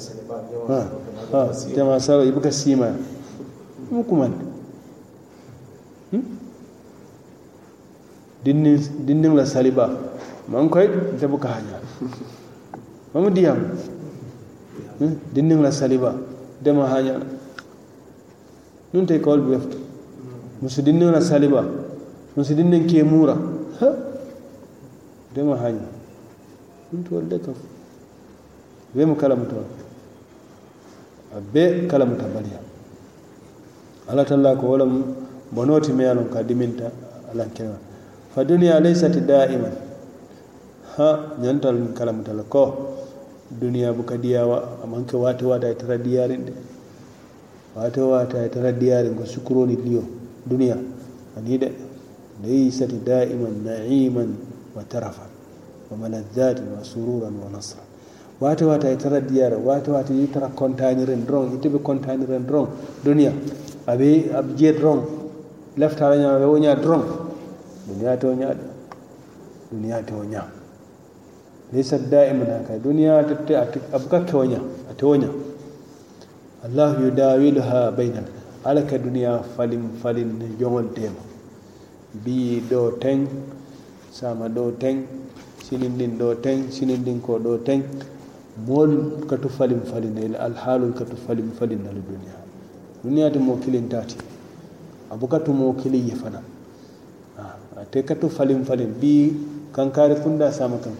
jama ah, ah, sala i buka siima mu kumanda hmm? din niŋ la saliba maŋ koy te buka haña mamu diyam hmm? din niŋ la saliba dema haña nun te kawol bu weftu musu din la saliba musu din niŋ muura dema haña nun tuwol de kafu wemu kala mutola a be kala muta bariya alla talla ko wolam bonoti me yalon ka diminta alan kewa fa duniya laysat da'iman ha nyantal kala mutala ko duniya kadiya diyawa amanke wata wata tara radiyarin de wata wata ta radiyarin ko sukuroni liyo duniya ani de laysat da'iman na'iman wa tarafan wa malazzat wa sururan wa nasra wata wata tara diyar wata wata itara kontañiren dron bi kontanirin dron duniya abi aɓe jee dron leftaɓe ñama ɓe woña dron duniya ta o ñaaɗe duniya te o ñaam laysa daimun haka duniya tete abuka kewoña a ta tewoña allahu yudawiluha ha ala alaka duniya falin falin ne yawon tema bi ɗo ten sama ɗo ten sinindin ɗo ten sinindin ko ɗo ten moolu tu falin falin ila ka tu falin falin nala duniya duniya te moo kilin abu abukatu moo kilin ye fana a ah, ka tu falin falin bi kankari kunda sama kan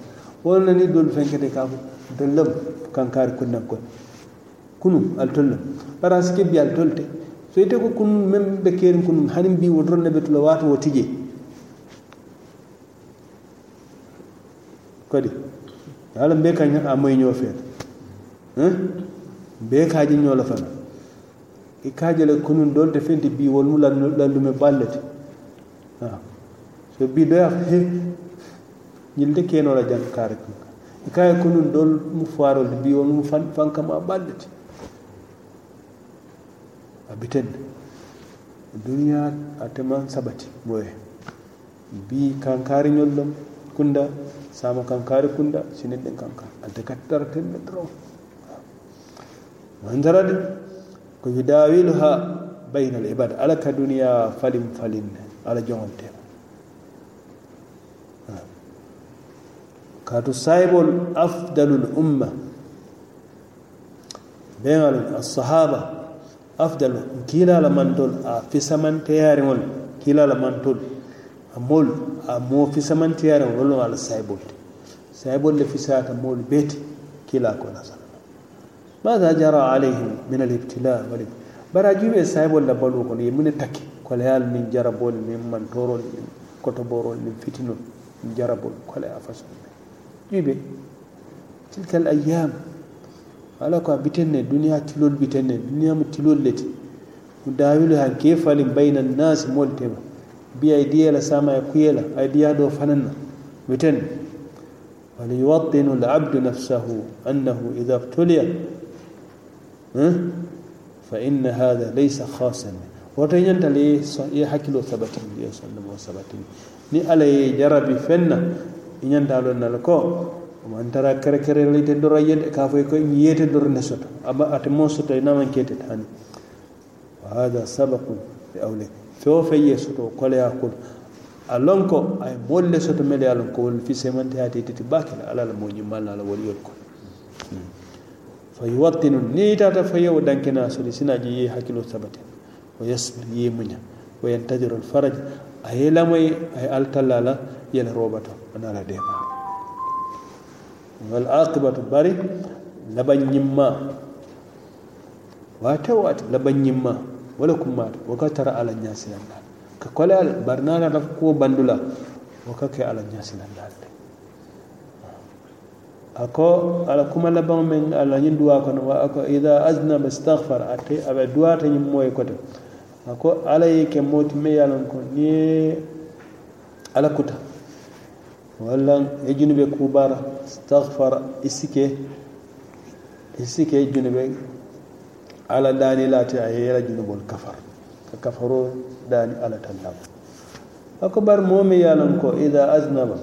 wala ni dol fenkete ka dollam kankari kunna ko kunu al tollam bara bi al te so ite ko kun mem be kerin kun hanim bi wodron ne betula wato wotije kodi. yala mbe kañ a moy ñoo feet mbe kaaji ñoo la fan i kaaji la kunun dool te fenti bi wol mu lan lan lu me ballati wa so bi do ya he ñil de keno la jang kaare ko i e kaaji kunun dool mu faaro de bi wol mu fan fan kama ballati abiten duniya a teman sabati moy bi kankari ñol lam kunda samun kankari kunda sinin ɗin kankan anta kaddar tembe doron mantarade ko yudawiluha bayna al ibad ala ka duniya falin falin ala jogontema kaatu sahibol afdalul umma ɓeŋalon asahaba Afdalul Kila lamantul, a fisamanteyariŋol Kila lamantul. a moolu a moo fisamantiyaren wo loŋ ala sayibol te sayibol le fisayata moolu bee ti kila ko nasala mada jara alayhim min alibtila wali bara jibe sayibol la baluo kono ye mune takki koleyal niŋ jarabol niŋ mantorol niŋ kotoborol niŋ fitinol niŋ jarabol kole a façon jibe tilka al ayam ala ko a biten ne duniya tilol biten ne duniya mu tilol le ti mu dawilu han ke falin bayna annasi moolu tema bi idea la sama ya kuyela idea do fananna miten وليوطن العبد نفسه أنه إذا ابتلي فإن هذا ليس خاصا وتجنت لي يحكي ثبتين يا سلم وثبتين ni ala ye jarabi fenna i ñantalo nala ko oman tara kere kere leyte dora yede ka foy ko yete dor ne soto aba ate mo soto e naman ketete hani wa hada sabaqun li awlek feŋ o feŋ ye soto koleya kono a lon ko a ye moolu le soto mele ye a lon ko wolu fisemantayaate titi baake le ala la moo ñimmal na a la waliyolu kono fa yuwattinu ni tata fa yewo dankina sodi sina je ye hakkilo sabate wa yasbir ye muña o yantajirol faraj a ye lamoye a ye altalla la yela robato ana ala demaaro wal aqibatu bari laban ñimma waate waate laban ñimma wala kuma waka tara ala ñasilanda ka kole al bari nana ko bandula waka ke ala ñasilandalde ako ala kuma laban meŋ ala yin duwa kan wa ako ida aznaba istahfar ate duwa ta yin moye kote ako ala yake moti me yalan ko ni ala kuta walla ye junube kubara istahfar isike isike junube ala dani lati a yera junubol kafar ka kafaro dani ala tallama akbar momi yalan ko ida aznaba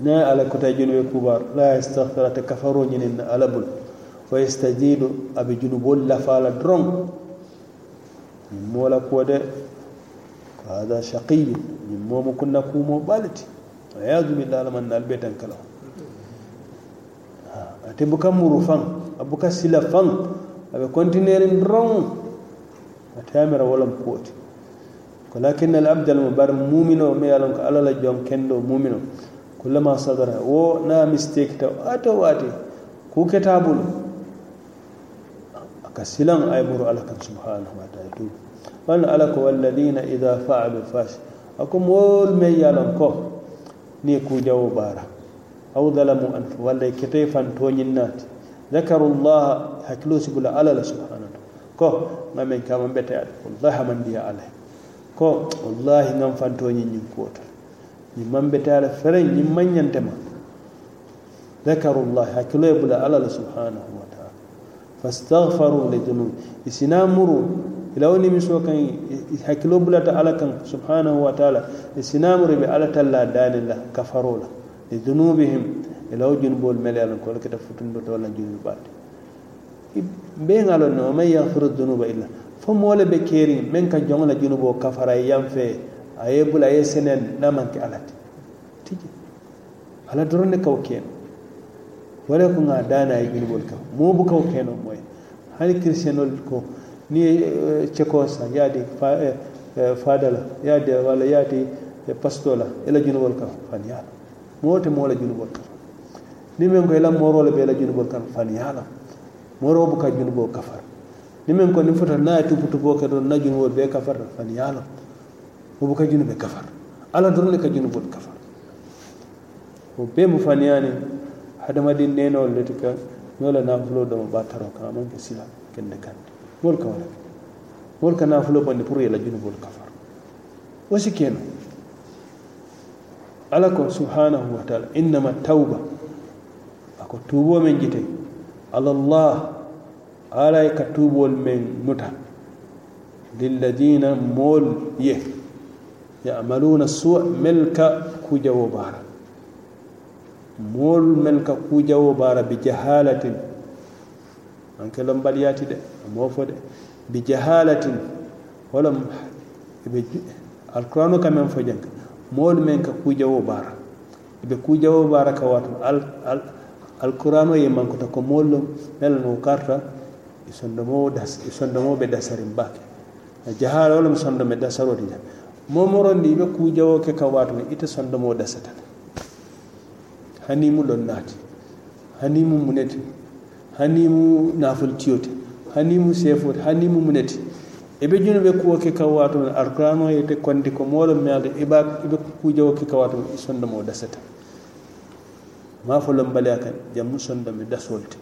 na ala kota junube kubar la yastaghfira ta kafaro ñinin na ala bul fa yastajidu bi junubol lafala dron mola ko de ko hada shaqiyu min momo kunna kumo ɓaliti ayadu billah dalaman alɓe tan kala o ate murufan muru fan abuka sila fan aɓe kontinirin dron a tamira wolom kuwoti ko lakinna al abdal mu bar mumino mai yalon ko Alala, John, kendo mumino kullama sadara wo na mistake ta wata wate ku ketabulo aka silan ay muru alakan kan subhanahu wa ta'ala tu Wannan ala ko walladina idha fa'alu fash akum wol wani yalon ko ni ku jawo bara aw zalamu an walla wallai fan to nyinnati ذكروا الله هكلوس يقول على الله سبحانه كو ما من كام بيت الله من دي عليه كو والله نم فانتوني نيم كوتر نيم بيت على فرن نيم من ينتما ذكروا الله هكلو يقول على الله سبحانه وتعالى فاستغفروا لذنوب يسنامروا ilawni miso kan كان bulata بلا على كان سبحانه وتعالى e sinamuri ɓe ala talla danilla kafarola e dunubihim ela wo junuboolu mele ye loŋ ko wo le keta futundiŋ to walla junubi baate mbee ŋa loŋ ne illa fo moo le be keeriŋ meŋ ka joŋo la junuboo kafara ye fe fee a ye bula a ye na maŋ ke alla Tiji. tije ala doroŋ ne ka wo keeno wo le ko ŋa daana ye junuboolu kafa moo buka wo keenoo moo ye hani kirisiyenolu ko ni ye eh, cekoo saŋ ye a di eh, eh, faada la ye a di walla ye a di pasto la ila junubolu kafa faniyaa la te moo la junubolu kafa ni men ko elam morole ɓeela junugol kam fan yaalam morobo ka junugo kafar ni men ko ni fota na tuputugo ke ɗon na junugol ɓe kafar fan yaalam mobo ka junuɓe kafar ala dorle ka junugol kafar o ɓe mo fan yani hadama din nenol leti ka ñola nafulo ɗoma ba taro ka amanke sila kende kande wol ka wala wol ka nafulo bonde pour yela junugol kafar wasi keno ala ko subhanahu wa taala innama tawba ko tuubo men jite alallah alay ka tuubol men muta lilladina mool ye yamaluna suwa melka kujawo baara mool melka kujawo baara bi jahalatin anke lombaliyati de amoofo de bi jahalatin holam ɓe alqurano ka men fo jang mool men ka kujawo baara ɓe kujawo baara ka watu al, al, alkurano yemmankota ko mollum melano karta i sondomoɓe dasarin bake jahara wala sondome dasarode jam momorondi ɓe kujawo ke kan watuma ita sondomo dasatan hanimu lonnati hanimu muneti hanimu nafultiyote hanimu sefote hanimu muneti eɓe juni ɓe kuwo ke kan watuma alkurano yete kondi ko molum meade eɓe kujawo ke kan watuma i sondomo dasatan ma fo lombaliya kan jamu sondami dasol te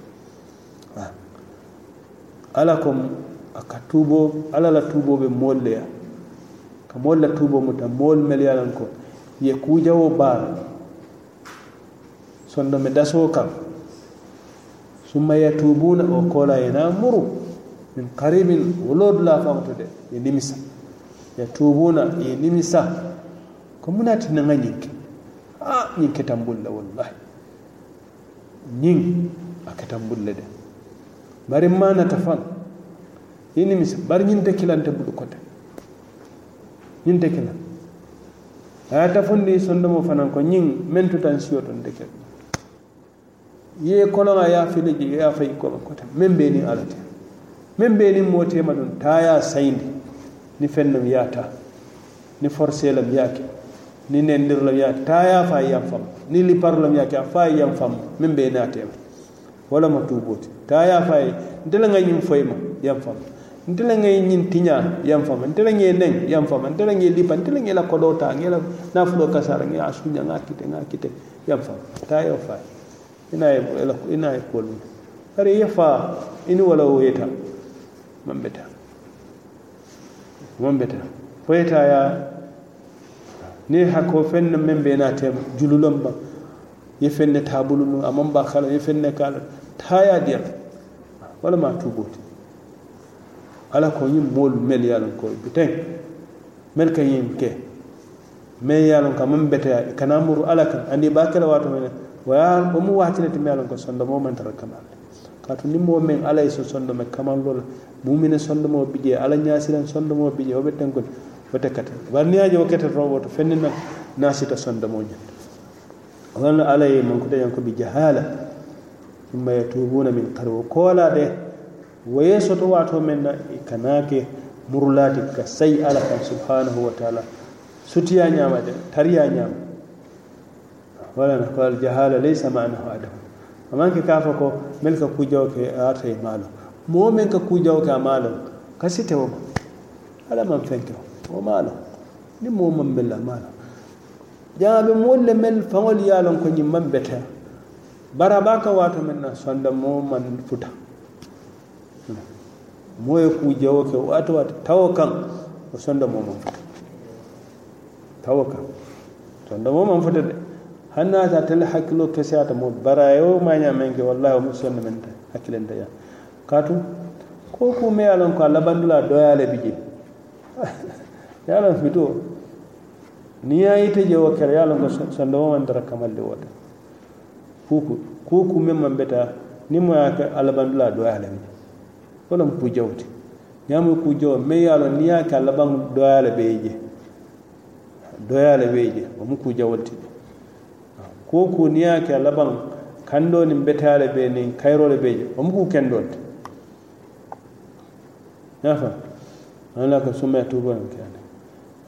ala kom aka tubo ala la tubo be molle ya ka moolu tubo muta mol mel ye lan ko ye ku jawo kujawo baara sondome dasoo kam summa yatubuna o kola ina muru min qaribin woloodu la faŋoto de ye nimisa yatubuna ye nimisa ko munati naŋa ñiŋ ah a ñiŋ ke tambulla wallahi ñin a ketan bulle de bari manata fan ini mis bari ñin de kilante budu kote ñin de kilan aya ta fondi sondomo fanan ko ñin men tutan siyo ton de kel ye kono a ya fini ji ya fay ko kote men be ni alate men be ni motema dun taya sayndi ni fennam yata ni forcelam yakee ni nendir lam ya taya fa yam fam ni li par lam ya ka fa yam fam min be na tem wala ma tubot taya fa ndela ngay nyim ma yam fam ndela ngay nyin tinya yam fam ndela ngay neng, yam fam ndela ngay lipa ndela ngay la ta, ngela na naflo kasara ngay asunya ngakite ngakite yam fam taya e- e fa ina ye ina ye kolu ari yafa ini wala weta mambeta mambeta foyeta ya ne hako fenne men be na tema jululon ba ye fenne tabulu mu amman ba kala ye fenne kala taya dia wala ma tuboti ala ko yim mol mel yalon ko biten mel kan yin ke me yalon ka man beta kana muru ala kan andi ba kala wato men wa bo mu wati ne timyalon ko sonda mo man tara kamal to nimmo men ala iso so sonda me kamal mu mumine sonda mo bije ala nyasiran sonda mo bije o beten ko wote kata barniyaji wo kete to woto fennina nasita sondamo ñande walla ala ye mankuta yanko bi jahala thumma yatubuna min qarib kola de wo ye soto wato men na kanake murulati ka sai ala kan subhanahu wa ta'ala sutiya ñama de tariya ñama wala na ko aljahala laysa ma'nahu adam amanke kafa ko melka kujawke arta e maalo mo men ka kujawke a maalo kasitewo ala man fenkewo wa mala ni mo man bella mala jaabe moolu le men faŋolu ye a loŋ ko ñiŋ maŋ beteya bari ka waato meŋ na sonda moo maŋ futa moo ye kuu ke waato waati tawo kan o sonda moo maŋ futa tawo kan sonda moo maŋ futa de hani ta atele hakkiloo keseyaata moo bari a ye wo maañaa meŋ ke wallahi wo sonda meŋ ta hakkilenta yaa kaatu koo kuu me ye a loŋ ko a labandula a doyaa le yalan fito ni ya ite je wo kere yalan ko sandoma man tara kamalde wota kuku kuku mem man beta ni mo yake alabandula do yalan wala mu jawti nyamu ku jaw me yalan ni yake alaban do yalan beje do yalan beje o mu ku jawti kuku ni yake alaban kando nin betale be nin kayrole beje o mu ku kendonte nafa ana ka sumaya tubo nan kenan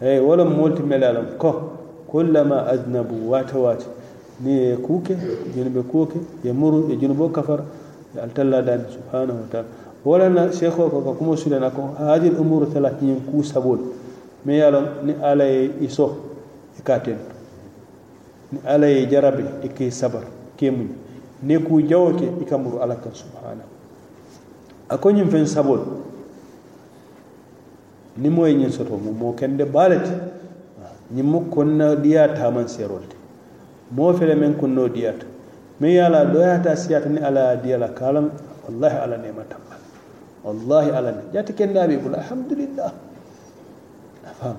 hey eh, wala molti melalam ko kullama ajnabu wata wata ni ya kuke jinibe kuke ya muru ya junubo kafara e altalla da subhanahu wa taala walana cheikh kuma su da na ko hajil umuru talatin ku sabol mais ye ni ala iso i so i ka ni ala ye jarabi i sabar ke ne ni ku jawoke ikamuru i ka muru ala kan subhanahu a ko fen sabol ni moye ñin soto mu mo kende baalati ñin mu konna diya taman seerolde moo fele men konno diyata min ye ala ɗoyata siyata ni ala diyala kalam wallahi ala nema tamma wallahi ala ne jati kendaɓe bula alhamdulillah a faam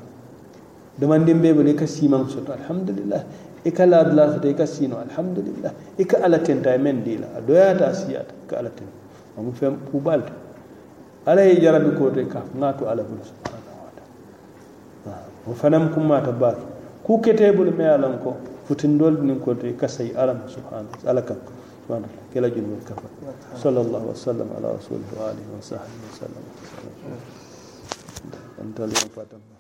domandin ɓe bolo ika siman soto alhamdulillah ika laadula soto ika sino alhamdulillah ika ala tenta e men dila a ɗoyata siyata ika ala tenta omo fen pubalta ala ye jarabi kote ka Na to ala bulu subhanahu wa ta'ala ah, o fanam kumma tabaki ku kete bulu me alan ko futindol nin kote ka sai alam subhanahu ala kan subhanahu kala kafa sallallahu ala rasulihi wa alihi wa sahbihi wa sallam anta al